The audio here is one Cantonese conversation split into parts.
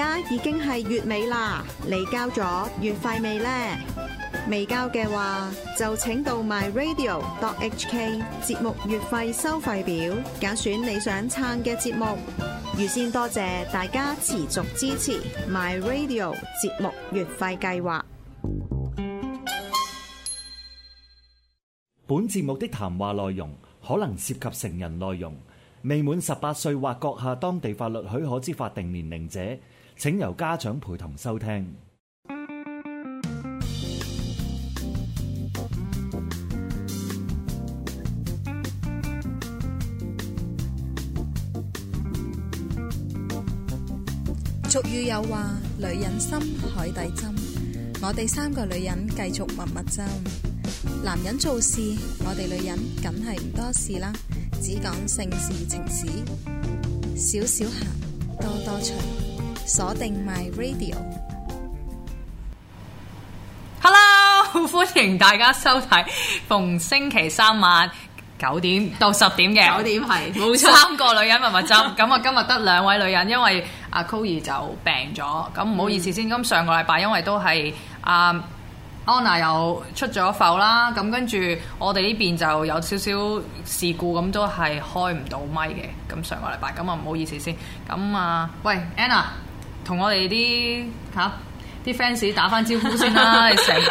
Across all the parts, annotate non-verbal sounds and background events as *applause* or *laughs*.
而家已經係月尾啦，你交咗月費未呢？未交嘅話，就請到 MyRadio.hk 節目月費收費表，揀選你想撐嘅節目。預先多謝大家持續支持 MyRadio 節目月費計劃。本節目的談話內容可能涉及成人內容，未滿十八歲或閣下當地法律許可之法定年齡者。請由家長陪同收聽。俗語有話：女人心，海底針。我哋三個女人繼續蜜蜜針。男人做事，我哋女人梗係唔多事啦，只講性事情事，少少行，多多吹。鎖定 MyRadio。Hello，歡迎大家收睇逢星期三晚九點到十點嘅九 *laughs* 點係冇錯，三個女人密密針，咁啊今日得兩位女人，因為阿 Koey 就病咗，咁唔好意思先。咁上個禮拜因為都係阿、嗯啊、Anna 又出咗埠啦，咁跟住我哋呢邊就有少少事故，咁都係開唔到咪嘅。咁上個禮拜咁啊唔好意思先。咁啊，喂 Anna。同我哋啲嚇啲 fans 打翻招呼先啦，你成日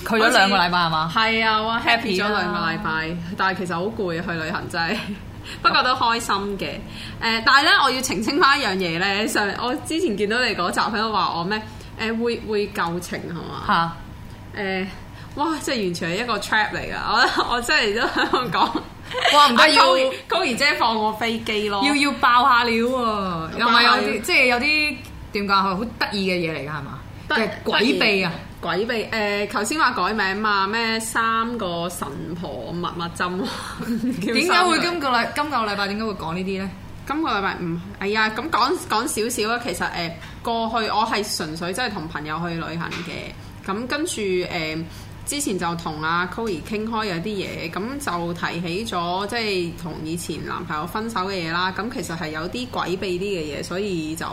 去咗兩個禮拜係嘛？係啊，哇！happy 咗兩個禮拜，但係其實好攰啊，去旅行真係，不過都開心嘅。誒，但係咧，我要澄清翻一樣嘢咧，上我之前見到你嗰集喺度話我咩？誒會會舊情係嘛？嚇誒、啊欸，哇！真係完全係一個 trap 嚟噶，我我真係都喺度講，哇！唔得 *laughs* 要高兒、啊、姐放我飛機咯要，要爆、啊、要爆下料喎，又咪有啲即係有啲。點解好得意嘅嘢嚟㗎？係嘛？即係不鬼秘啊！鬼秘誒，頭先話改名嘛？咩三個神婆密密針？點 *laughs* 解個會今個禮今個禮拜點解會講呢啲咧？今個禮拜唔、嗯、哎呀，咁講講少少啦。其實誒、呃，過去我係純粹真係同朋友去旅行嘅。咁跟住誒，呃之前就同阿 Kohi 傾開有啲嘢，咁就提起咗即係同以前男朋友分手嘅嘢啦。咁其實係有啲詭秘啲嘅嘢，所以就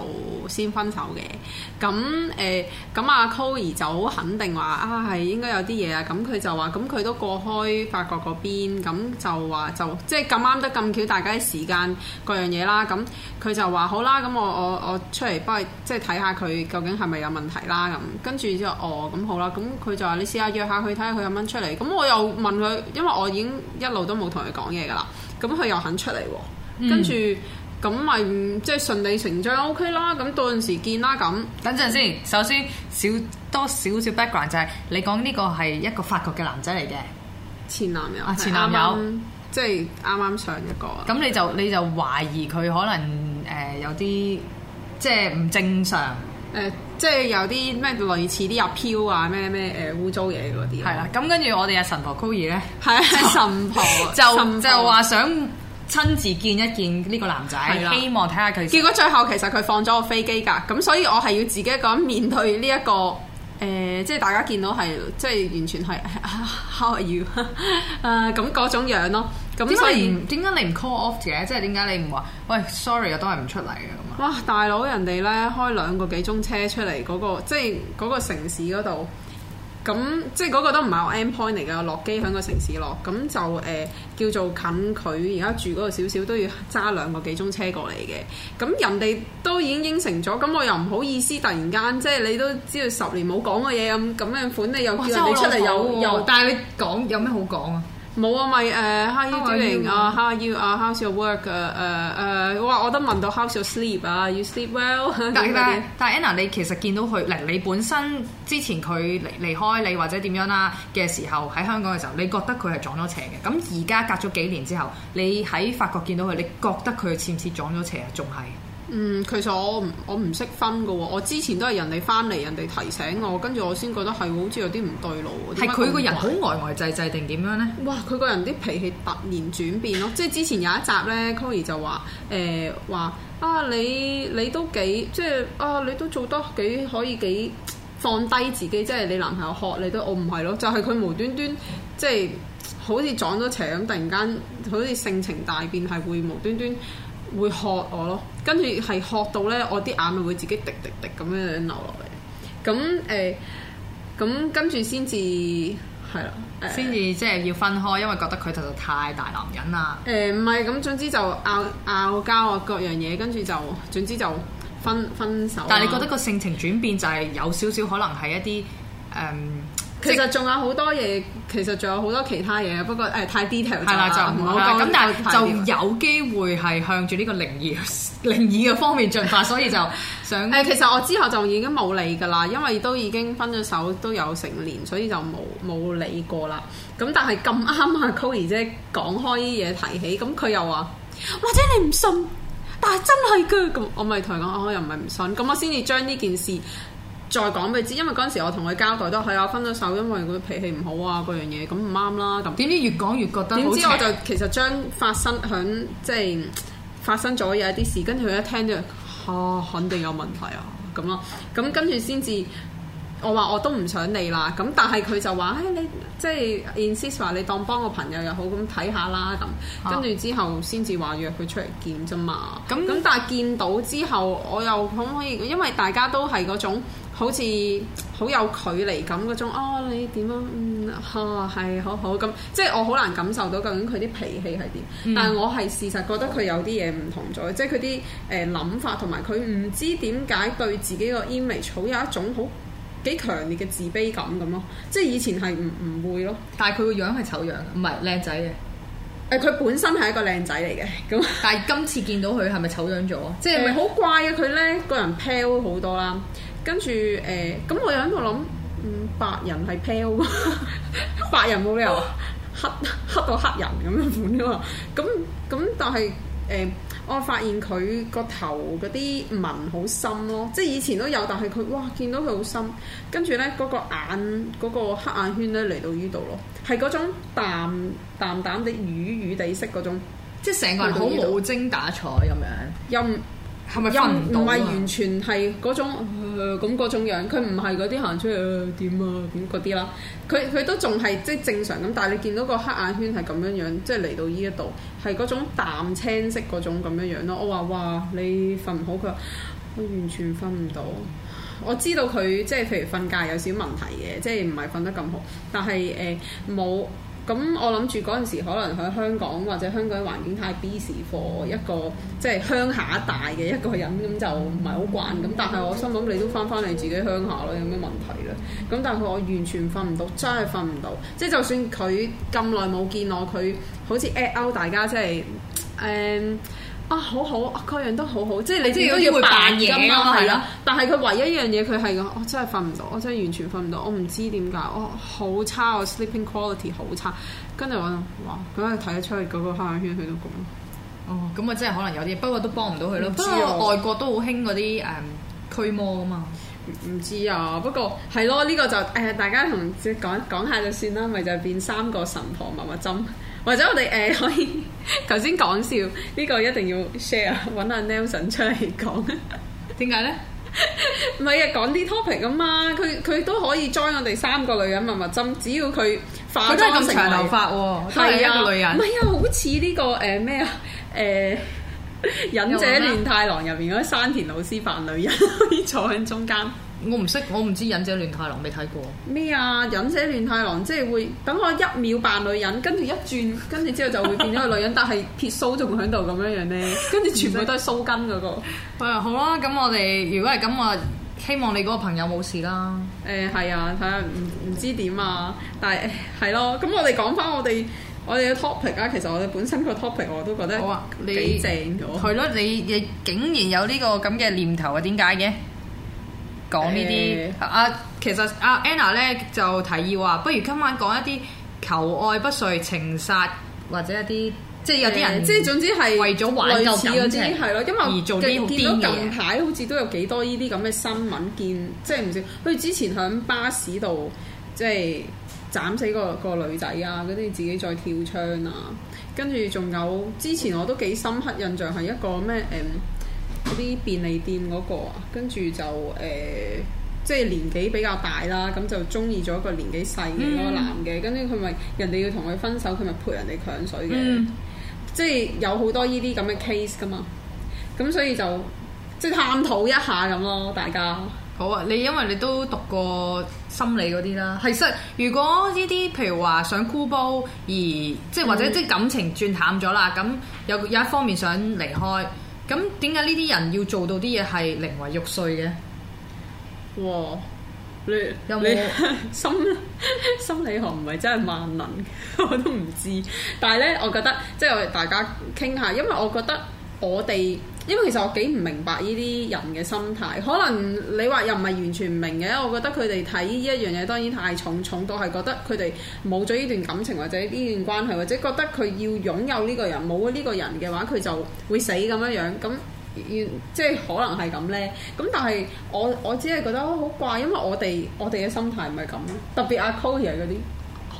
先分手嘅。咁誒，咁、呃、阿 Kohi 就好肯定話啊，係應該有啲嘢啊。咁佢就話，咁佢都過開法國嗰邊，咁就話就即係咁啱得咁巧，大家嘅時間各樣嘢啦。咁佢就話好啦，咁我我我出嚟幫你，即係睇下佢究竟係咪有問題啦。咁跟住之後，哦，咁好啦，咁佢就話你試,試約下約下。佢睇下佢有乜出嚟，咁我又問佢，因為我已經一路都冇同佢講嘢噶啦，咁佢又肯出嚟，跟住咁咪即係順理成章，OK 啦，咁到陣時見啦咁。等陣先，首先少多少少 background 就係你講呢個係一個法國嘅男仔嚟嘅前男友，啊，前男友即係啱啱上一個。咁你就你就懷疑佢可能誒有啲即係唔正常誒。呃即係有啲咩類似啲阿飄啊咩咩誒污糟嘢嗰啲。係啦，咁、呃、跟住我哋阿神婆高爾咧，啊， *laughs* 神婆 *laughs* 就神婆就話想親自見一見呢個男仔，對希望睇下佢。結果最後其實佢放咗個飛機㗎，咁所以我係要自己一個人面對呢、這、一個誒、呃，即係大家見到係即係完全係 how are you 啊咁嗰種樣咯。咁所以點解你唔 *music* call off 嘅？即係點解你唔話喂，sorry，我都係唔出嚟嘅咁啊！哇，大佬，人哋咧開兩個幾鐘車出嚟嗰、嗰個，即係嗰個城市嗰度，咁即係嗰個都唔係我 end point 嚟嘅，落機喺個城市落，咁就誒、呃、叫做近佢。而家住嗰度少少都要揸兩個幾鐘車過嚟嘅，咁人哋都已經應承咗，咁我又唔好意思突然間，即係你都知道十年冇講過嘢咁咁樣款，你又叫人哋出嚟有有，有有但係你講有咩好講啊？冇啊咪誒，how you doing？啊，how are you？啊，how's are you?、uh, how's your work？誒、uh, 誒、uh, uh,，我我都問到 how's your sleep？啊、uh,，you sleep well？但係 *laughs* 但係 Anna，你其實見到佢，嗱，你本身之前佢離離開你或者點樣啦嘅時候喺香港嘅時候，你覺得佢係撞咗邪嘅。咁而家隔咗幾年之後，你喺法國見到佢，你覺得佢似唔似撞咗邪啊？仲係？嗯，其實我唔我唔識分嘅喎，我之前都係人哋翻嚟，人哋提醒我，跟住我先覺得係、哎、好似有啲唔對路。係佢個人好呆呆滯滯定點樣呢？哇！佢個人啲脾氣突然轉變咯，即係之前有一集呢 Koy 就話誒話啊，你你都幾即係啊，你都做得幾可以幾放低自己，即係你男朋友喝你都，我唔係咯，就係、是、佢無端端即係好似撞咗邪咁，突然間好似性情大變，係會無端端會喝我咯。跟住係學到呢，我啲眼淚會自己滴滴滴咁樣流落嚟。咁誒，咁跟住先至係啦，先至即係要分開，因為覺得佢其實太大男人啦。誒唔係，咁總之就拗拗交啊，各樣嘢，跟住就總之就分分手啊。但係你覺得個性情轉變就係有少少可能係一啲誒？嗯其實仲有好多嘢，其實仲有好多其他嘢，不過誒、呃、太 detail 咗啦，就唔好講。咁夠但係就有機會係向住呢個靈異、靈異嘅方面進發， *laughs* 所以就想誒、呃。其實我之後就已經冇理㗎啦，因為都已經分咗手，都有成年，所以就冇冇理過啦。咁但係咁啱啊 Kohi 姐講開呢嘢提起，咁佢又話：或者你唔信，但係真係㗎。咁我咪同佢講，我、啊、又唔係唔信。咁我先至將呢件事，再講俾你知，因為嗰陣時我同佢交代都係啊，分咗手，因為佢脾氣唔好啊，嗰樣嘢咁唔啱啦。咁點知越講越覺得點知我就其實將發生響即係發生咗有一啲事，跟住佢一聽就嚇、啊，肯定有問題啊咁咯。咁跟住先至。我話我都唔想你啦，咁但係佢就話，誒、哎、你即係 insist 話你當幫個朋友又好，咁睇下啦，咁跟住之後先至話約佢出嚟見啫嘛。咁咁、嗯、但係見到之後，我又可唔可以？因為大家都係嗰種好似好有距離感嗰種。哦，你點啊？嗯、嚇、啊、係好好咁，即係我好難感受到究竟佢啲脾氣係點。嗯、但係我係事實覺得佢有啲嘢唔同咗，即係佢啲誒諗法同埋佢唔知點解對自己個 image 好有一種好，幾強烈嘅自卑感咁咯，即係以前係唔唔會咯。但係佢個樣係醜樣，唔係靚仔嘅。誒，佢、欸、本身係一個靚仔嚟嘅，咁。 *laughs* 但係今次見到佢係咪醜樣咗？欸、即係咪好怪啊？佢咧個人 p a pale 好多啦，跟住誒，咁、欸、我又喺度諗，白人係 pale， *laughs* 白人冇理由 *laughs* 黑黑到黑人咁樣款噶嘛？咁咁，但係誒。欸我發現佢個頭嗰啲紋好深咯，即係以前都有，但係佢哇見到佢好深，跟住呢，嗰、嗰個眼嗰、嗰個黑眼圈呢，嚟到呢度咯，係嗰種淡淡淡的魚魚地色嗰種，即係成個人好冇精打采咁樣，又、嗯、～係咪瞓唔係完全係嗰種咁、呃、嗰種樣，佢唔係嗰啲行出去點、呃、啊咁嗰啲啦。佢佢都仲係即係正常咁，但係你見到個黑眼圈係咁樣樣，即係嚟到呢一度係嗰種淡青色嗰種咁樣樣咯。我話哇，你瞓唔好，佢話我完全瞓唔到。我知道佢即係譬如瞓覺有少問題嘅，即係唔係瞓得咁好，但係誒冇。呃咁我諗住嗰陣時可能喺香港或者香港環境太 busy，貨一個即係、就是、鄉下大嘅一個人，咁就唔係好慣。咁但係我心諗你都翻翻你自己鄉下咯，有咩問題咧？咁但係我完全瞓唔到，真係瞓唔到。即、就、係、是、就算佢咁耐冇見我，佢好似 at 大家，即係誒。Um, 啊，好好，個樣都好好，即係你即係都要扮嘢咯，係咯、啊啊。但係佢唯一一樣嘢佢係咁，我真係瞓唔到，我真係完全瞓唔到，我唔知點解，我好差，我 sleeping quality 好差。跟住我話，咁啊睇得出嚟嗰個黑眼圈去到咁。哦，咁啊真係可能有啲，不過都幫唔到佢咯。嗯、不過外國都好興嗰啲誒驅魔啊嘛。唔知啊，不過係咯，呢、這個就誒、呃、大家同即係講,講下就算啦，咪就是、變三個神婆蜜蜜針，或者我哋誒、呃、可以頭先講笑呢、這個一定要 share，揾阿 Nelson 出嚟講點解咧？唔係啊，講啲 topic 啊嘛，佢佢都可以 join 我哋三個女人蜜蜜針，只要佢化妝佢都咁長頭髮喎，係啊，啊個女人唔係啊，好似呢、這個誒咩、呃、啊誒、呃、忍者亂太郎入邊嗰山田老師扮女人，可 *laughs* 以坐喺中間。我唔識，我唔知《忍者亂太郎》未睇過。咩啊，《忍者亂太郎》即係會等我一秒扮女人，跟住一轉，跟住之後就會變咗個女人， *laughs* 但係撇須仲喺度咁樣樣咧，跟住全部都係鬚根嗰、那個。啊、 *laughs* *noise* 嗯嗯，好啦，咁我哋如果係咁話，希望你嗰個朋友冇事啦。誒係、嗯、啊，睇下唔唔知點啊，但係係咯，咁、嗯、我哋講翻我哋我哋嘅 topic 啊，其實我哋本身個 topic 我都覺得好啊。你幾正咗。係咯，你你竟然有呢個咁嘅念頭啊？點解嘅？講呢啲啊，欸、其實阿 Anna 咧就提議話，不如今晚講一啲求愛不遂、情殺或者一啲即係有啲人、欸，即係總之係為咗玩夠自己，係咯。因為我見到近排好似都有幾多呢啲咁嘅新聞，見，即係唔少。好似之前喺巴士度，即係斬死個個女仔啊，嗰啲自己再跳窗啊，跟住仲有之前我都幾深刻印象係一個咩誒？嗯嗰啲便利店嗰、嗰個啊，跟住就誒、呃，即係年紀比較大啦，咁就中意咗個年紀細嘅嗰個男嘅，嗯、跟住佢咪人哋要同佢分手，佢咪陪人哋強水嘅，嗯、即係有好多呢啲咁嘅 case 㗎嘛。咁所以就即係探討一下咁咯，大家好啊。你因為你都讀過心理嗰啲啦，係即係如果呢啲譬如話想箍煲，而即係或者即係感情轉淡咗啦，咁有、嗯、有一方面想離開。咁點解呢啲人要做到啲嘢係寧為玉碎嘅？哇！你有冇心，心理學唔係真係萬能，我都唔知。但係呢，我覺得即係大家傾下，因為我覺得我哋。因為其實我幾唔明白呢啲人嘅心態，可能你話又唔係完全唔明嘅。我覺得佢哋睇呢一樣嘢當然太重，重到係覺得佢哋冇咗呢段感情或者呢段關係，或者覺得佢要擁有呢個人，冇咗呢個人嘅話佢就會死咁樣樣。咁，即係可能係咁呢？咁但係我我只係覺得好怪，因為我哋我哋嘅心態唔係咁。特別阿 c o l i 嗰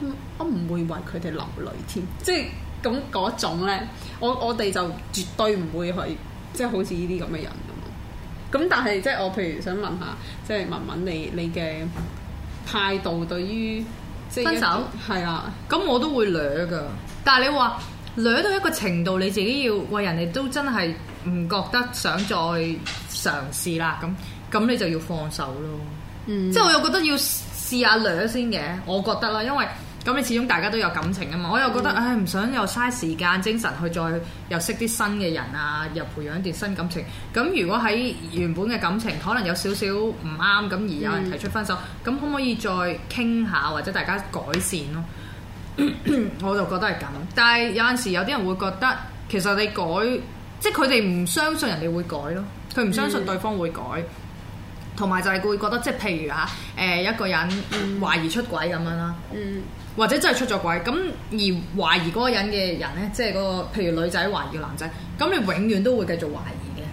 啲，我唔會為佢哋流淚添，即係咁嗰種咧。我我哋就絕對唔會去。即係好似呢啲咁嘅人咁，但係即係我譬如想問下，即係雯雯你你嘅態度對於即分手係啊，咁我都會掠噶。但係你話掠到一個程度，你自己要喂人哋都真係唔覺得想再嘗試啦，咁咁你就要放手咯。嗯，即係我又覺得要試下掠先嘅，我覺得啦，因為。咁你始終大家都有感情㗎嘛，我又覺得、嗯、唉唔想又嘥時間精神去再又識啲新嘅人啊，又培養一段新感情。咁如果喺原本嘅感情可能有少少唔啱，咁而有人提出分手，咁、嗯、可唔可以再傾下或者大家改善咯？ *coughs* 我就覺得係咁。但係有陣時有啲人會覺得其實你改，即係佢哋唔相信人哋會改咯，佢唔相信對方會改。嗯嗯同埋就係會覺得，即係譬如吓，誒一個人懷疑出軌咁樣啦，嗯嗯、或者真係出咗軌咁而懷疑嗰個人嘅人咧，即係嗰個譬如個女仔懷疑男仔，咁你永遠都會繼續懷疑嘅。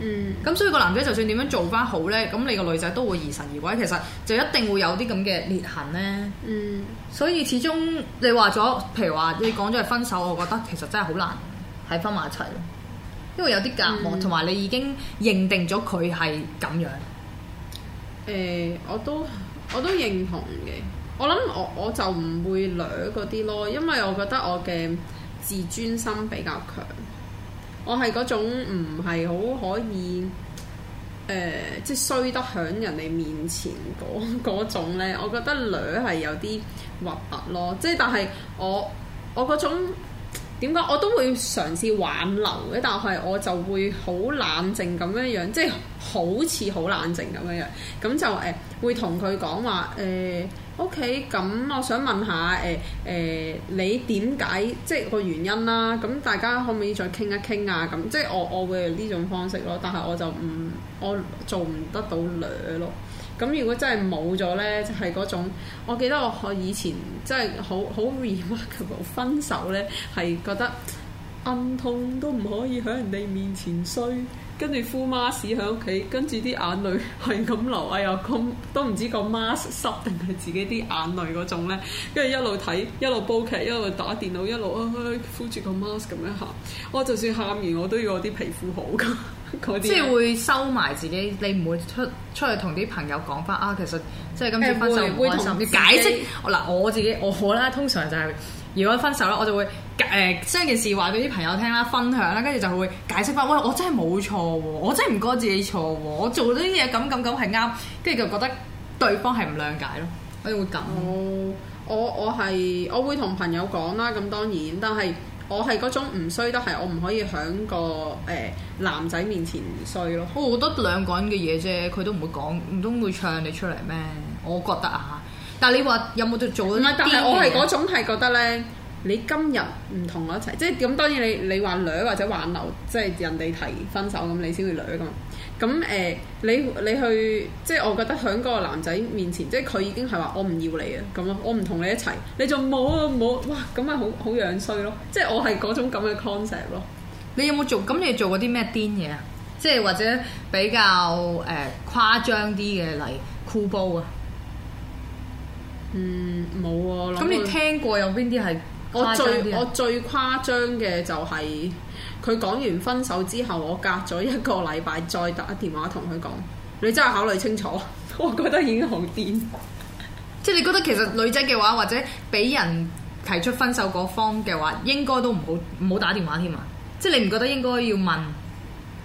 咁、嗯、所以個男仔就算點樣做翻好咧，咁你個女仔都會疑神疑鬼，其實就一定會有啲咁嘅裂痕咧。嗯、所以始終你話咗，譬如話你講咗係分手，我覺得其實真係好難喺翻埋一齊咯，因為有啲隔膜，同埋、嗯、你已經認定咗佢係咁樣。誒、呃，我都我都認同嘅。我諗我我就唔會女嗰啲咯，因為我覺得我嘅自尊心比較強。我係嗰種唔係好可以誒、呃，即係衰得喺人哋面前講嗰種咧。我覺得女係有啲核突咯。即係但係我我嗰種。點解我都會嘗試挽留嘅，但係我就會好冷靜咁樣樣，即係好似好冷靜咁樣樣。咁就誒會同佢講話誒，OK，咁我想問下誒誒你點解即係個原因啦？咁大家可唔可以再傾一傾啊？咁即係我我會呢種方式咯，但係我就唔我做唔得到女咯。咁如果真係冇咗呢，就係、是、嗰種。我記得我以前真係好好 remarkable 分手呢，係覺得暗、嗯、痛都唔可以喺人哋面前衰，跟住敷 mask 喺屋企，跟住啲眼淚係咁流。哎呀，咁都唔知個 mask 濕定係自己啲眼淚嗰種呢。跟住一路睇，一路煲劇，一路打電腦，一路開開敷住個 mask 咁樣喊。我就算喊完，我都要我啲皮膚好㗎。即係會收埋自己，你唔會出出去同啲朋友講翻啊。其實即係今次分手唔開心，會會解釋嗱，欸、我自己我咧通常就係、是、如果分手咧，我就會誒將、呃、件事話俾啲朋友聽啦，分享啦，跟住就會解釋翻，喂，我真係冇錯，我真係唔覺得自己錯，我做啲嘢咁咁咁係啱，跟住就覺得對方係唔諒解咯、哦，我哋會咁，我我我係我會同朋友講啦，咁當然，但係。我係嗰種唔衰都係，我唔可以喺個誒男仔面前衰咯。我覺得兩個人嘅嘢啫，佢都唔會講，唔通會唱你出嚟咩？我覺得啊，但係你話有冇做做啲咩？唔係，但係我係嗰種係覺得呢，嗯、你今日唔同我一齊，即係點？當然你你話甩或者挽留，即係人哋提分手咁，你先會甩噶。咁誒、呃，你你去即係我覺得喺個男仔面前，即係佢已經係話我唔要你啊，咁咯，我唔同你一齊，你就冇啊冇，哇，咁咪好好樣衰咯，即係我係嗰種咁嘅 concept 咯。你有冇做？咁你做過啲咩癲嘢啊？即係或者比較誒、呃、誇張啲嘅嚟箍煲啊？嗯，冇啊！咁你聽過有邊啲係？我最我最誇張嘅就係佢講完分手之後，我隔咗一個禮拜再打電話同佢講，你真係考慮清楚？我覺得已經好癲。即係你覺得其實女仔嘅話或者俾人提出分手嗰方嘅話應該都唔好唔好打電話添啊！即係你唔覺得應該要問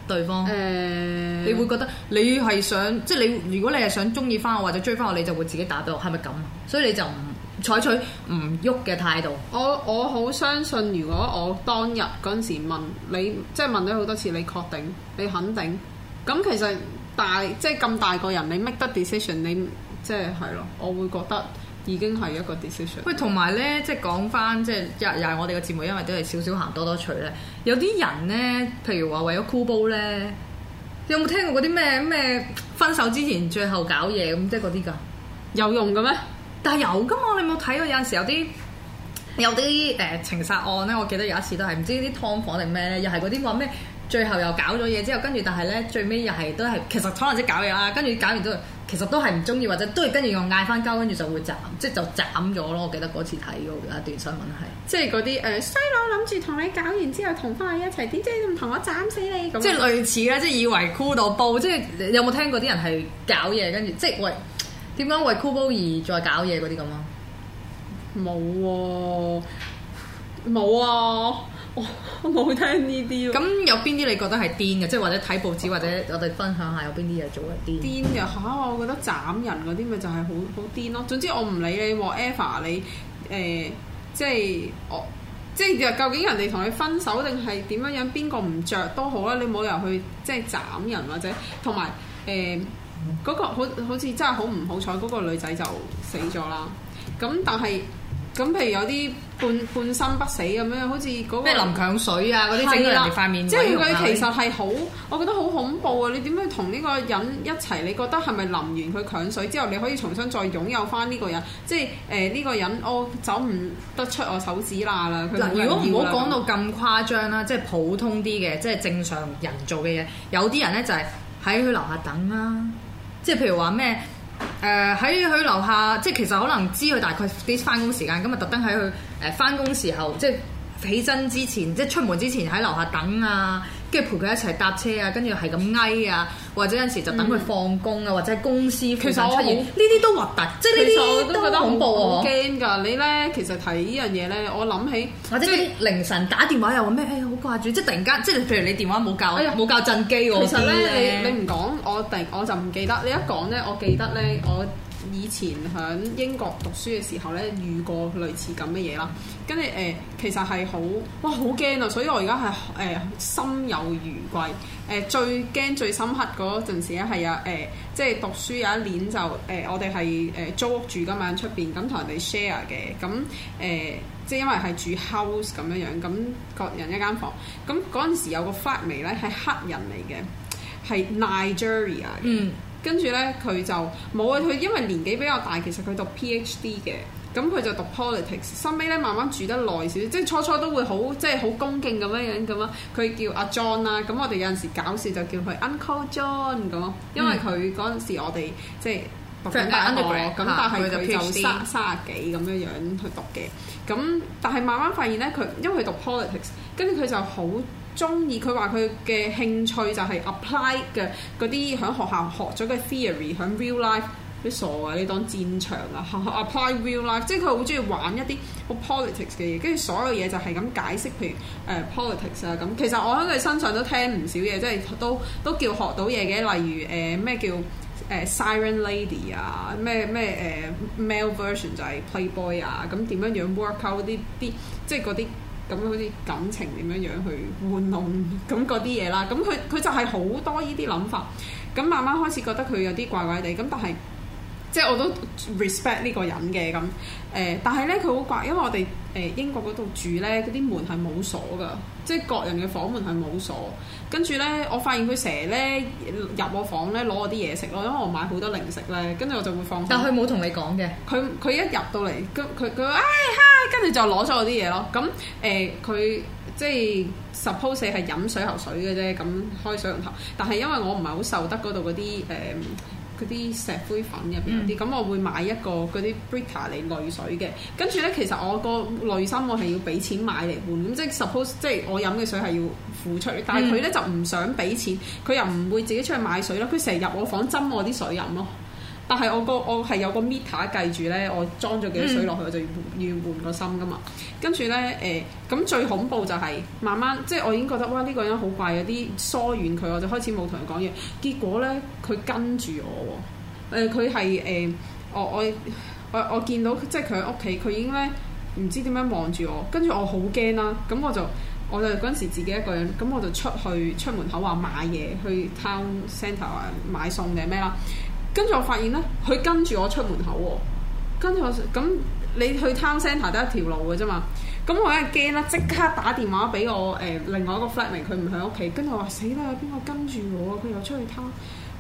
對方？誒，嗯、你會覺得你係想即係你？如果你係想中意翻我或者追翻我，你就會自己打俾我，係咪咁？所以你就唔。採取唔喐嘅態度我。我我好相信，如果我當日嗰陣時問你，即係問咗好多次，你確定、你肯定。咁其實大即係咁大個人，你 make 得 decision，你即係係咯，我會覺得已經係一個 decision。喂，同埋咧，即係講翻，即係又又係我哋嘅節目，因為都係少少行多多趣咧。有啲人咧，譬如話為咗箍煲咧，有冇聽過嗰啲咩咩分手之前最後搞嘢咁，即係嗰啲噶有用嘅咩？但係有噶嘛？你有冇睇過有陣時有啲有啲誒情殺案咧？我記得有一次都係唔知啲劏房定咩咧，又係嗰啲話咩？最後又搞咗嘢之後，跟住但係咧最尾又係都係其實可能即搞嘢啦，跟住搞完之後都其實都係唔中意或者都係跟住用嗌翻交，跟住就會斬即係就斬咗咯。我記得嗰次睇嗰一段新聞係即係嗰啲誒衰佬諗住同你搞完之後同翻我一齊，點知唔同我斬死你咁？ *laughs* 即係類似啦，即係以為箍到煲，即係有冇聽過啲人係搞嘢跟住即係喂。點解為箍煲而再搞嘢嗰啲咁啊？冇喎，冇啊，我冇聽呢啲。咁有邊啲你覺得係癲嘅？即係或者睇報紙，或者我哋分享下有邊啲嘢做一啲。癲嘅嚇，我覺得斬人嗰啲咪就係好好癲咯。總之我唔理你 Eva 你誒、呃，即係我即係究竟人哋同你分手定係點樣樣？邊個唔着都好啦，你冇理由去即係斬人或者同埋誒。嗰、那個好好似真係好唔好彩，嗰、那個女仔就死咗啦。咁但係咁，譬如有啲半半生不死咁樣，好似嗰個淋強水啊，嗰啲整到人哋塊面啦即係佢其實係好，我覺得好恐怖啊！你點樣同呢個人一齊？你覺得係咪淋完佢強水之後，你可以重新再擁有返呢個人？即係誒呢個人，我、哦、走唔得出我手指罅啦。嗱，如果唔好講到咁誇張啦、啊，即、就、係、是、普通啲嘅，即、就、係、是、正常人做嘅嘢。有啲人咧就係喺佢樓下等啦、啊。即係譬如話咩？誒喺佢樓下，即係其實可能知佢大概啲翻工時間，咁啊特登喺佢誒翻工時候，即係起身之前，即係出門之前喺樓下等啊。跟住陪佢一齊搭車啊，跟住係咁翳啊，或者有陣時就等佢放工啊，嗯、或者公司。其實出現呢啲都核突，即係呢啲都覺得恐怖。好驚㗎！你咧其實睇呢樣嘢咧，我諗起，即係凌晨打電話又話咩？誒好掛住，即係突然間，即係譬如你電話冇教，冇、哎、呀教震機喎。其實咧，你你唔講，我突然，我就唔記得。你一講咧，我記得咧，我。以前喺英國讀書嘅時候咧，遇過類似咁嘅嘢啦。跟住誒，其實係好哇，好驚啊！所以我而家係誒心有餘悸。誒、呃、最驚最深刻嗰陣時咧，係有誒即係讀書有一年就誒、呃，我哋係誒租屋住嗰晚出邊，咁同人哋 share 嘅。咁、呃、誒即係因為係住 house 咁樣樣，咁各人一間房。咁嗰陣時有個 flatmate 咧係黑人嚟嘅，係 Nigeria。嗯。跟住咧，佢就冇啊！佢因為年紀比較大，其實佢讀 PhD 嘅，咁佢就讀 Politics。收尾咧，慢慢住得耐少少，即係初初都會好，即係好恭敬咁樣樣咁啊。佢叫阿 John 啦，咁我哋有陣時搞笑就叫佢 Uncle John 咁。嗯、因為佢嗰陣時我哋即係是讀緊大學，咁是但係佢就，就三十幾咁樣樣去讀嘅。咁但係慢慢發現咧，佢因為佢讀 Politics，跟住佢就好。中意佢話佢嘅興趣就係 apply 嘅嗰啲喺學校學咗嘅 theory 喺 real life，你傻啊！你當戰場啊哈哈！apply real life，即係佢好中意玩一啲好 politics 嘅嘢，跟住所有嘢就係咁解釋，譬如誒、uh, politics 啊咁。其實我喺佢身上都聽唔少嘢，即係都都叫學到嘢嘅，例如誒咩、呃、叫誒 Siren Lady 啊，咩咩誒 male version 就係 playboy 啊，咁點樣樣 work out 啲啲即係嗰啲。咁好似感情點樣樣去玩弄咁嗰啲嘢啦，咁佢佢就係好多呢啲諗法，咁慢慢開始覺得佢有啲怪怪地，咁但係即係我都 respect 呢個人嘅咁，誒、呃，但係咧佢好怪，因為我哋。誒，英國嗰度住咧，嗰啲門係冇鎖噶，即係各人嘅房門係冇鎖。跟住咧，我發現佢成日咧入我房咧攞我啲嘢食咯，因為我買好多零食咧。跟住我就會放。但佢冇同你講嘅，佢佢一入到嚟，咁佢佢話唉，跟住就攞咗我啲嘢咯。咁、嗯、誒，佢、呃、即係 suppose 係飲水喉水嘅啫。咁開水龍頭，但係因為我唔係好受得嗰度嗰啲誒。嗯嗰啲石灰粉入邊嗰啲，咁、嗯、我會買一個嗰啲 Brita 嚟濾水嘅。跟住咧，其實我個濾芯我係要俾錢買嚟換，咁即係 suppose 即係我飲嘅水係要付出。但係佢咧就唔想俾錢，佢又唔會自己出去買水咯，佢成日入我房斟我啲水飲咯。但係我個我係有個 meter 計住咧，我裝咗幾多水落去，我就要換要換個芯噶嘛。跟住咧誒，咁、呃、最恐怖就係、是、慢慢，即係我已經覺得哇呢、這個人好怪，有啲疏遠佢，我就開始冇同佢講嘢。結果咧，佢跟住我喎。佢係誒我我我我，我見到即係佢喺屋企，佢已經咧唔知點樣望住我。跟住我好驚啦！咁我就我就嗰陣時自己一個人，咁我就出去出門口話買嘢去 town centre 啊買餸嘅咩啦。跟住我發現咧，佢跟住我出門口喎。跟住我咁，你去 town centre 得一條路嘅啫嘛。咁我一驚啦，即刻打電話俾我誒、呃、另外一個 flatmate 佢唔喺屋企。跟住我話死啦，邊個跟住我啊？佢又出去 town。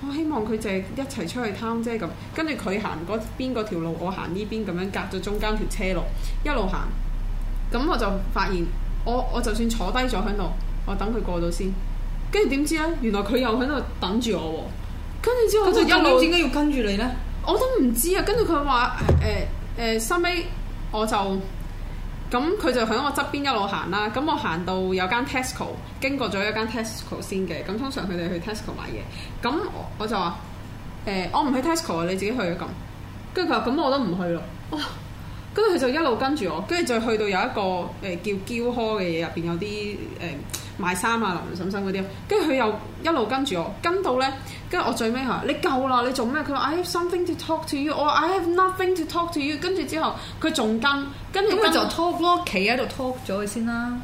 我希望佢就係一齊出去 town 啫咁。跟住佢行嗰邊嗰條路，我行呢邊咁樣隔咗中間條車路，一路行。咁我就發現，我我就算坐低咗喺度，我等佢過到先。跟住點知咧？原來佢又喺度等住我喎。跟住之後就一路點解要跟住你呢？我都唔知啊！跟住佢話誒誒，收尾，呃，呃，我就咁，佢就喺我側邊一路行啦。咁我行到有間 Tesco，經過咗一間 Tesco 先嘅。咁通常佢哋去 Tesco 買嘢，咁我，我就話誒、呃，我唔去 Tesco 啊，你自己去啊咁。跟住佢話：咁我都唔去咯。哦。跟住佢就一路跟住我，跟住就去到有一個誒、呃、叫嬌科嘅嘢入邊有啲誒、呃、賣衫啊、林林紛嗰啲，跟住佢又一路跟住我，跟到呢。跟住我最尾話你夠啦，你做咩？佢話 I have something to talk to you，我話 I have nothing to talk to you，跟住之後佢仲跟，跟住佢就 talk 咯着，企喺度 talk 咗佢先啦。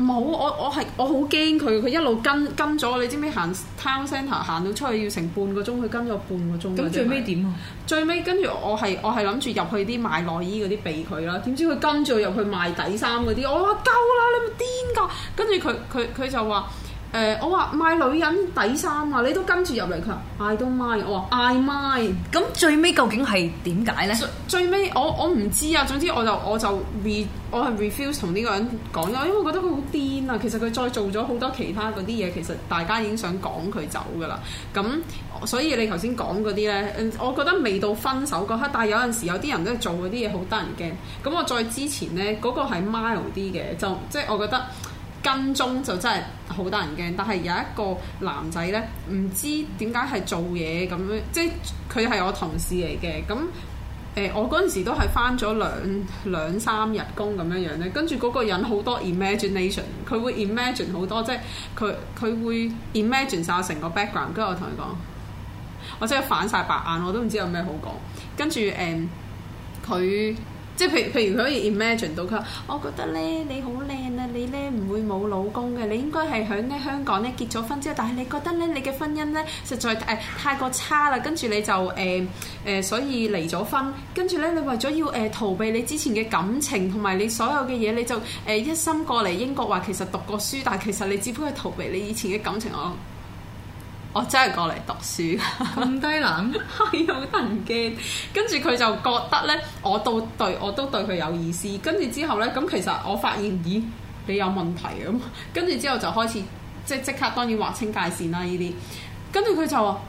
冇，我我係我好驚佢，佢一路跟跟咗，你知唔知行 town center 行到出去要成半個鐘，佢跟咗半個鐘。咁、嗯、係最尾點啊？最尾跟住我係我係諗住入去啲賣內衣嗰啲避佢啦，點知佢跟住入去賣底衫嗰啲，我話夠啦，你咪癲架！跟住佢佢佢就話。誒、呃，我話買女人底衫啊，你都跟住入嚟，佢話 I don't mind，我話 I mind。咁、嗯、最尾究竟係點解呢？最尾我我唔知啊，總之我就我就 re 我係 refuse 同呢個人講啦，因為我覺得佢好癲啊。其實佢再做咗好多其他嗰啲嘢，其實大家已經想趕佢走噶啦。咁所以你頭先講嗰啲呢，我覺得未到分手嗰刻，但係有陣時有啲人都做嗰啲嘢好得人驚。咁我再之前呢，嗰、那個係 mild 啲嘅，就即係我覺得。跟蹤就真係好得人驚，但係有一個男仔呢，唔知點解係做嘢咁樣，即係佢係我同事嚟嘅。咁誒、呃，我嗰陣時都係返咗兩兩三日工咁樣樣呢。跟住嗰個人好多 imagination，佢會 imagine 好多，即係佢佢會 imagine 晒成個 background，跟住我同佢講，我真係反晒白眼，我都唔知有咩好講。跟住誒，佢、呃。即係，譬譬如佢可以 imagine 到佢，我覺得咧，你好靚啊，你咧唔會冇老公嘅，你應該係喺咧香港咧結咗婚之後，但係你覺得咧，你嘅婚姻咧實在誒、呃、太過差啦，跟住你就誒誒、呃呃，所以離咗婚，跟住咧你為咗要誒、呃、逃避你之前嘅感情同埋你所有嘅嘢，你就誒、呃、一心過嚟英國，話其實讀過書，但係其實你只不過逃避你以前嘅感情咯。啊我真係過嚟讀書。咁低能，係好得人驚。跟住佢就覺得呢，我都對，我都對佢有意思。跟住之後呢，咁其實我發現，咦，你有問題咁、啊。跟住之後就開始，即即刻，當然劃清界線啦呢啲。跟住佢就話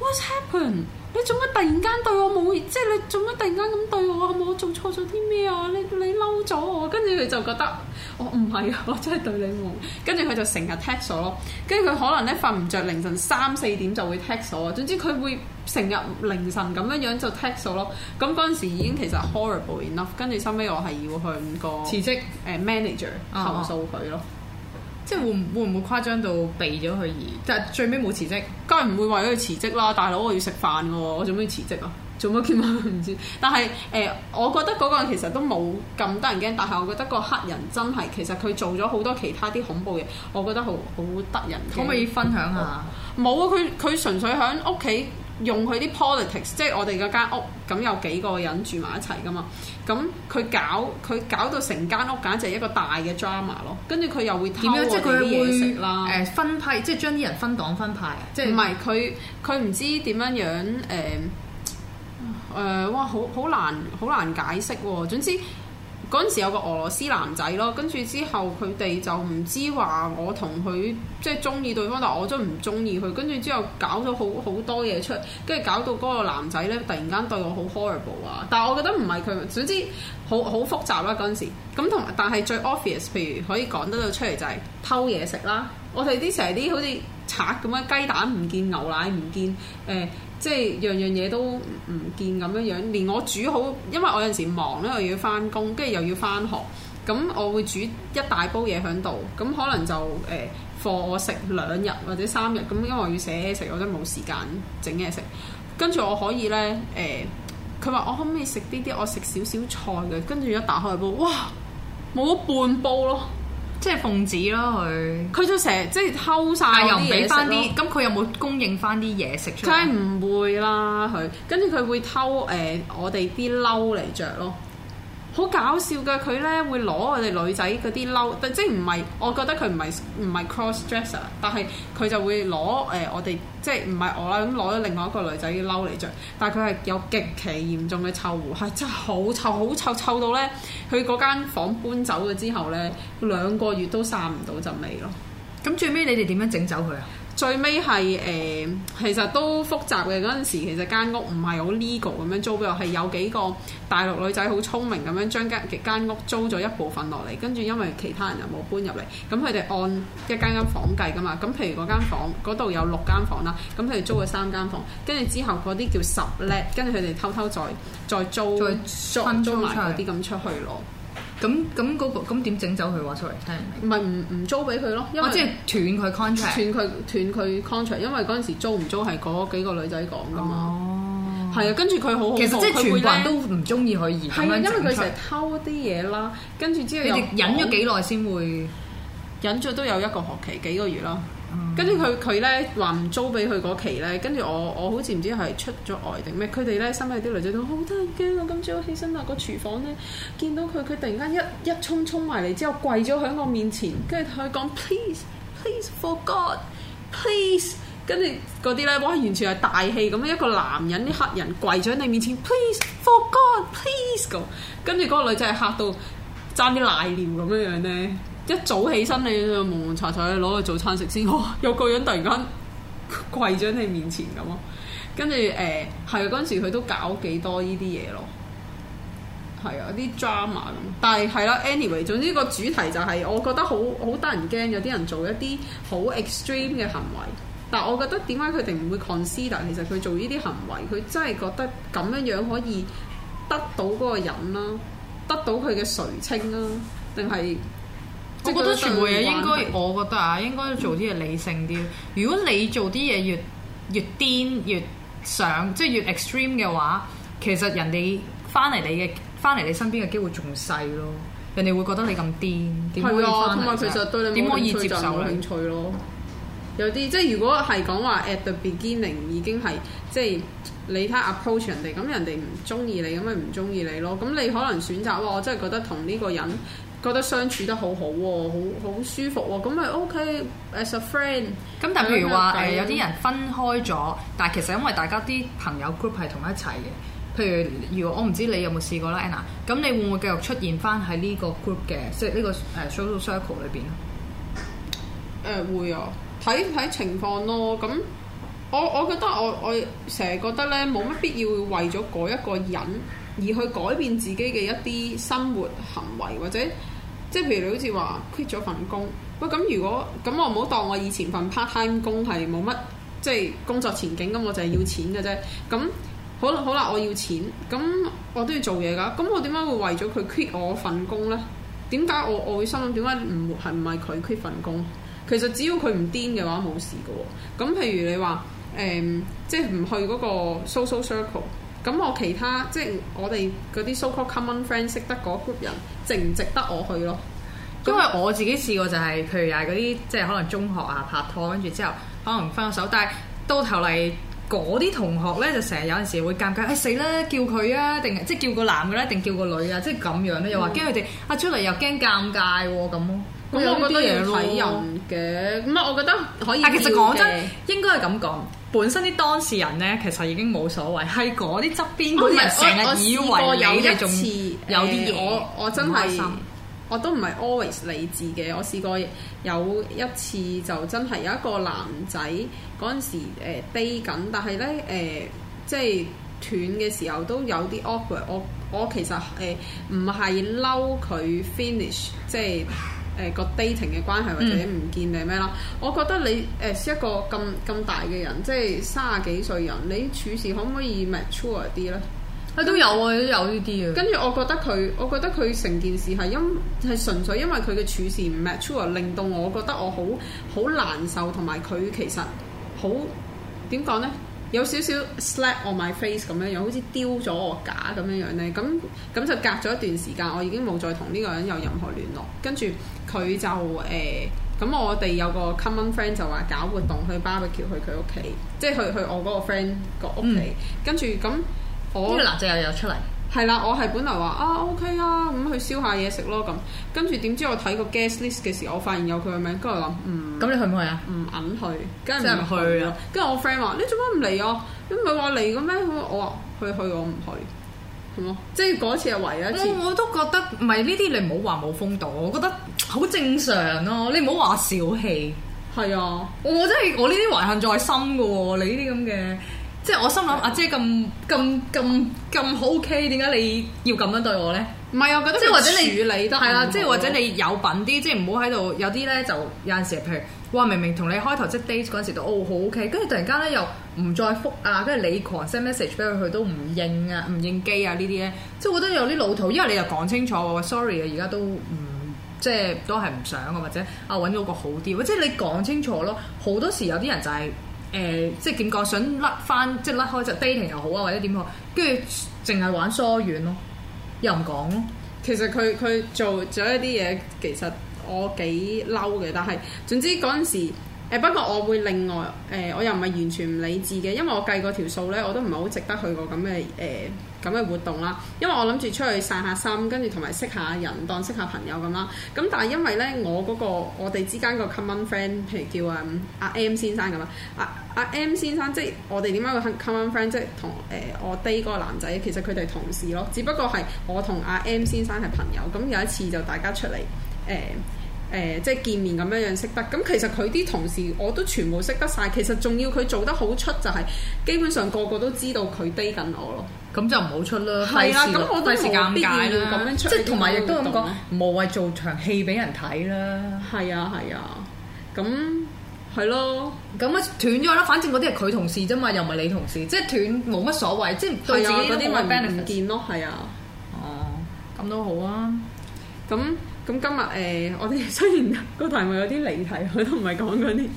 ：What's happened？你做乜突然間對我冇？即係你做乜突然間咁對我？有冇做錯咗啲咩啊？你你嬲咗我？跟住佢就覺得我唔係啊，我真係對你冇。跟住佢就成日 t 踢鎖咯，跟住佢可能咧瞓唔着凌晨三四點就會 a x 啊。總之佢會成日凌晨咁樣樣就 t 踢鎖咯。咁嗰陣時已經其實 horrible enough，跟住收尾我係要向個辭職誒、呃、manager 啊啊投訴佢咯。即係會唔會唔會誇張到避咗佢而，即係最尾冇辭職，梗係唔會為咗佢辭職啦，大佬我要食飯喎，我做乜要辭職啊？做乜嘅唔知，但係誒、呃，我覺得嗰個人其實都冇咁得人驚，但係我覺得個黑人真係其實佢做咗好多其他啲恐怖嘢，我覺得好好得人。可唔可以分享下？冇啊、哦，佢佢純粹喺屋企用佢啲 politics，即係我哋嗰間屋咁有幾個人住埋一齊噶嘛。咁佢搞佢搞到成間屋簡直係一個大嘅 drama 咯，跟住佢又會偷我啲嘢食啦。誒，分批，即係物、呃、將啲人分黨分派。即係唔係佢佢，唔知點樣樣誒，誒？哇，好好難好難解釋喎。總之。嗰陣時有個俄羅斯男仔咯，跟住之後佢哋就唔知話我同佢即係中意對方，但我都唔中意佢。跟住之後搞咗好好多嘢出，跟住搞到嗰個男仔咧突然間對我好 horrible 啊！但係我覺得唔係佢，總之好好複雜啦嗰陣時。咁同埋但係最 obvious，譬如可以講得到出嚟就係偷嘢食啦。我哋啲成日啲好似賊咁樣，雞蛋唔見，牛奶唔見誒。呃即係樣樣嘢都唔見咁樣樣，連我煮好，因為我有陣時忙咧，又要翻工，跟住又要翻學，咁我會煮一大煲嘢喺度，咁可能就誒，放、呃、我食兩日或者三日，咁因為我要寫嘢食，我真冇時間整嘢食，跟住我可以呢，誒、呃，佢話我可唔可以食呢啲，我食少少菜嘅，跟住一打開煲，哇，冇咗半煲咯～即係奉旨咯，佢佢就成日即係偷晒，又唔俾翻啲，咁佢有冇供應翻啲嘢食出嚟？梗係唔會啦，佢跟住佢會偷誒、呃、我哋啲褸嚟着咯。好搞笑㗎！佢咧會攞我哋女仔嗰啲褸，即係唔係？我覺得佢唔係唔係 crossdresser，但係佢就會攞誒、呃、我哋即係唔係我啦，咁攞咗另外一個女仔嘅褸嚟着，但係佢係有極其嚴重嘅臭狐，係真係好臭好臭，臭到咧佢嗰間房搬走咗之後咧，兩個月都散唔到陣味咯。咁最尾你哋點樣整走佢啊？最尾係誒，其實都複雜嘅嗰陣時，其實間屋唔係好 legal 咁樣租俾我，係有幾個大陸女仔好聰明咁樣將間間屋租咗一部分落嚟，跟住因為其他人又冇搬入嚟，咁佢哋按一間間房計㗎嘛。咁譬如嗰間房嗰度有六間房啦，咁佢哋租咗三間房，跟住之後嗰啲叫 sublet，跟住佢哋偷偷再再租再租租埋嗰啲咁出去囉。咁咁嗰咁點整走佢話出嚟？唔係唔唔租俾佢咯，因為、哦、即係斷佢 contract，斷佢斷佢 contract，因為嗰陣時租唔租係嗰幾個女仔講㗎嘛。哦，係啊，跟住佢好好，其實即係全部人都唔中意佢而係啊，因為佢成日偷啲嘢啦，跟住之後你哋忍咗幾耐先會忍咗，都有一個學期幾個月啦。跟住佢佢咧話唔租俾佢嗰期咧，跟住我我好似唔知係出咗外定咩，佢哋咧身邊啲女仔都好得驚。我今朝起身啦、啊，個廚房咧見到佢，佢突然間一一衝衝埋嚟，之後跪咗喺我面前，跟住同佢講 please please for God please，跟住嗰啲咧哇，完全係大戲咁樣，一個男人啲客人跪咗喺你面前 please for God please 個，跟住嗰個女仔嚇到爭啲瀨尿咁樣樣咧。一早起身你就朦朦查查去攞去早餐食先，哇！ *laughs* 有個人突然間跪咗你面前咁咯，跟住誒係嗰陣時佢都搞幾多呢啲嘢咯，係啊啲 drama 咁。但係係啦，anyway，總之個主題就係、是、我覺得好好得人驚，有啲人做一啲好 extreme 嘅行為。但係我覺得點解佢哋唔會 consider 其實佢做呢啲行為，佢真係覺得咁樣樣可以得到嗰個人啦，得到佢嘅垂青啦，定係？我覺得全部嘢應該，我覺得啊，應該做啲嘢理性啲。嗯、如果你做啲嘢越越癲越想，即係越 extreme 嘅話，其實人哋翻嚟你嘅翻嚟你身邊嘅機會仲細咯。人哋會覺得你咁癲，係啊，同埋其實對你點可以接受趣咧？趣趣有啲即係如果係講話 at the beginning 已經係即係你睇下 approach 人哋，咁人哋唔中意你，咁咪唔中意你咯。咁你可能選擇我真係覺得同呢個人。覺得相處得好好、哦、喎，好好舒服喎、哦，咁咪 OK as a friend。咁但譬如話誒、呃，有啲人分開咗，但係其實因為大家啲朋友 group 係同一齊嘅。譬如如果我唔知你有冇試過啦，Anna。咁你會唔會繼續出現翻喺呢個 group 嘅，即係呢個誒 social circle 裏邊？誒、呃、會啊，睇睇情況咯。咁我我覺得我我成日覺得咧，冇乜必要為咗嗰一個人而去改變自己嘅一啲生活行為或者。即係譬如你好似話 quit 咗份工，喂咁如果咁我唔好當我以前份 part-time 工係冇乜即係工作前景，咁我就係要錢嘅啫。咁好啦好啦，我要錢，咁我都要做嘢㗎。咁我點解會為咗佢 quit 我份工咧？點解我我會心諗點解唔係唔係佢 quit 份工？其實只要佢唔癲嘅話冇事嘅喎、哦。咁譬如你話誒、嗯，即係唔去嗰個 social circle。咁我其他即係我哋嗰啲 so called common friend 識得嗰 group 人值唔值得我去咯？因為我自己試過就係、是，譬如又係嗰啲即係可能中學啊拍拖，跟住之後可能分咗手，但係到頭嚟嗰啲同學咧就成日有陣時會尷尬，誒死啦叫佢啊，定即係叫個男嘅咧，定叫個女啊，即係咁樣咧，又話驚佢哋啊出嚟又驚尷尬喎、啊、咁、嗯嗯、咯我覺得。咁有啲嘢睇人嘅，咁啊我覺得可以。但係其實講真，應該係咁講。本身啲當事人呢，其實已經冇所謂，係嗰啲側邊嗰啲人成日以為嘅嘢，有啲嘢。我我，我真係，我都唔係 always 理智嘅。我試過有一次就真係有一個男仔嗰陣時誒低緊，但係呢，誒、呃、即係斷嘅時候都有啲 awkward。我我其實誒唔係嬲佢 finish，即係。誒、呃、個 dating 嘅關係或者唔見定咩啦？嗯、我覺得你誒、呃、係一個咁咁大嘅人，即係三十幾歲人，你處事可唔可以 mature 啲咧？啊都有啊，都跟有呢啲啊。跟住我覺得佢，我覺得佢成件事係因係純粹因為佢嘅處事唔 mature，令到我覺得我好好難受，同埋佢其實好點講咧？有少少 slap on my face 咁樣樣，好似丟咗我架咁樣樣咧，咁咁就隔咗一段時間，我已經冇再同呢個人有任何聯絡。跟住佢就誒，咁、呃、我哋有個 common friend 就話搞活動去 barbecue 去佢屋企，即係去去我嗰個 friend 個屋企。跟住咁，我呢個男仔又有出嚟。係啦，我係本來話啊 OK 啊，咁去燒下嘢食咯咁。跟住點知我睇個 guest list 嘅時候，我發現有佢嘅名，跟住諗嗯。咁、嗯、你去唔去啊？嗯，唔去。梗係唔去啊！」跟住我 friend 話：你做乜唔嚟啊？你唔係話嚟嘅咩？我話去去，我唔去，係咯。即係嗰次係唯一一次。我，我都覺得唔係呢啲，你唔好話冇風度，我覺得好正常咯、啊。你唔好話小氣。係啊，我真係我呢啲懷恨在心嘅喎，你呢啲咁嘅。即係我心諗，阿姐咁咁咁咁好 OK，點解你要咁樣對我咧？唔係啊，我覺得即係或者你處理係啦，即係或者你有品啲，即係唔好喺度有啲咧，就有陣時，譬如哇，明明同你開頭即係 date 嗰陣時都哦好 OK，跟住突然間咧又唔再覆啊，跟住你狂 send message 俾佢，佢都唔應啊，唔應機啊呢啲咧，即係我覺得有啲老土，因為你又講清楚，話 sorry 啊，而家都唔即係都係唔想啊，或者啊揾到個好啲，即係你講清楚咯，好多時有啲人就係、是。誒、呃，即係點講，想甩翻，即係甩開隻 dating 又好啊，或者點好，跟住淨係玩疏遠咯，又唔講咯。其實佢佢做咗一啲嘢，其實我幾嬲嘅，但係總之嗰陣時。誒，不過我會另外誒、呃，我又唔係完全唔理智嘅，因為我計過條數咧，我都唔係好值得去過咁嘅誒咁嘅活動啦。因為我諗住出去散下心，跟住同埋識下人，當識下朋友咁啦。咁但係因為咧，我嗰、嗰個我哋之間個 common friend，譬如叫啊阿 M 先生咁啊。阿、啊、M 先生即係我哋點解會 common friend，即係同誒我 date 嗰個男仔，其實佢哋同事咯。只不過係我同阿 M 先生係朋友。咁有一次就大家出嚟誒。呃誒，即係見面咁樣樣識得，咁其實佢啲同事我都全部識得晒。其實仲要佢做得好出，就係基本上個個都知道佢低緊我咯。咁就唔好出啦，係啊，費事費事尷尬啦。即係同埋亦都咁講，無謂做場戲俾人睇啦。係啊，係啊，咁係咯，咁啊斷咗啦。反正嗰啲係佢同事啫嘛，又唔係你同事，即係斷冇乜所謂。即係對自己啲咪咩唔見咯。係啊，哦，咁都好啊，咁。咁今日誒、呃，我哋雖然個題目有啲離題，我，呵呵、欸啊、我都唔係講嗰啲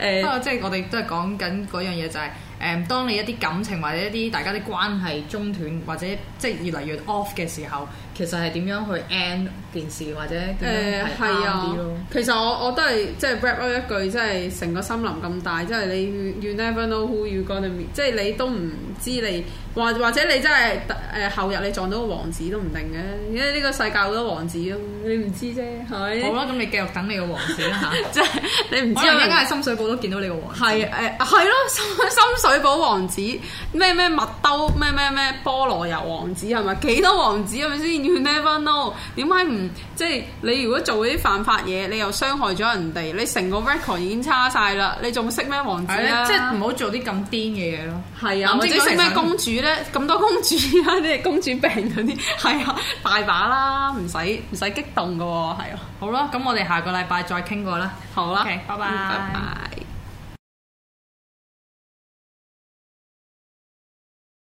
誒。不過即係我哋都係講緊嗰樣嘢就係、是。誒，當你一啲感情或者一啲大家啲關係中斷，或者即係越嚟越 off 嘅時候，其實係點樣去 end 件事或者點樣、欸？係啊，其實我我都係即係 wrap up 一句，即係成個森林咁大，即係你 you never know who you be, 即係你都唔知你，或或者你真係誒後日你撞到個王子都唔定嘅，因為呢個世界好多王子你唔知啫。好啊，咁你繼續等你個王子啦嚇，即、啊、係 *laughs* 你唔知是是我依家喺深水埗都見到你個王子。係、呃、誒，咯，深水。水寶王子咩咩麥兜咩咩咩菠蘿油王子係咪啊？幾多王子係咪先？You never know，點解唔，即係你如果做嗰啲犯法嘢，你又傷害咗人哋，你成個 record 已經差晒啦，你仲識咩王子咧，即係唔好做啲咁癲嘅嘢咯。係啊，啊或者識咩公主咧？咁 *laughs* 多公主啊，啲 *laughs* 公主病嗰啲，係啊，大把啦，唔使唔使激動噶喎，係啊。好啦，咁我哋下個禮拜再傾過啦。好啦吧，拜拜。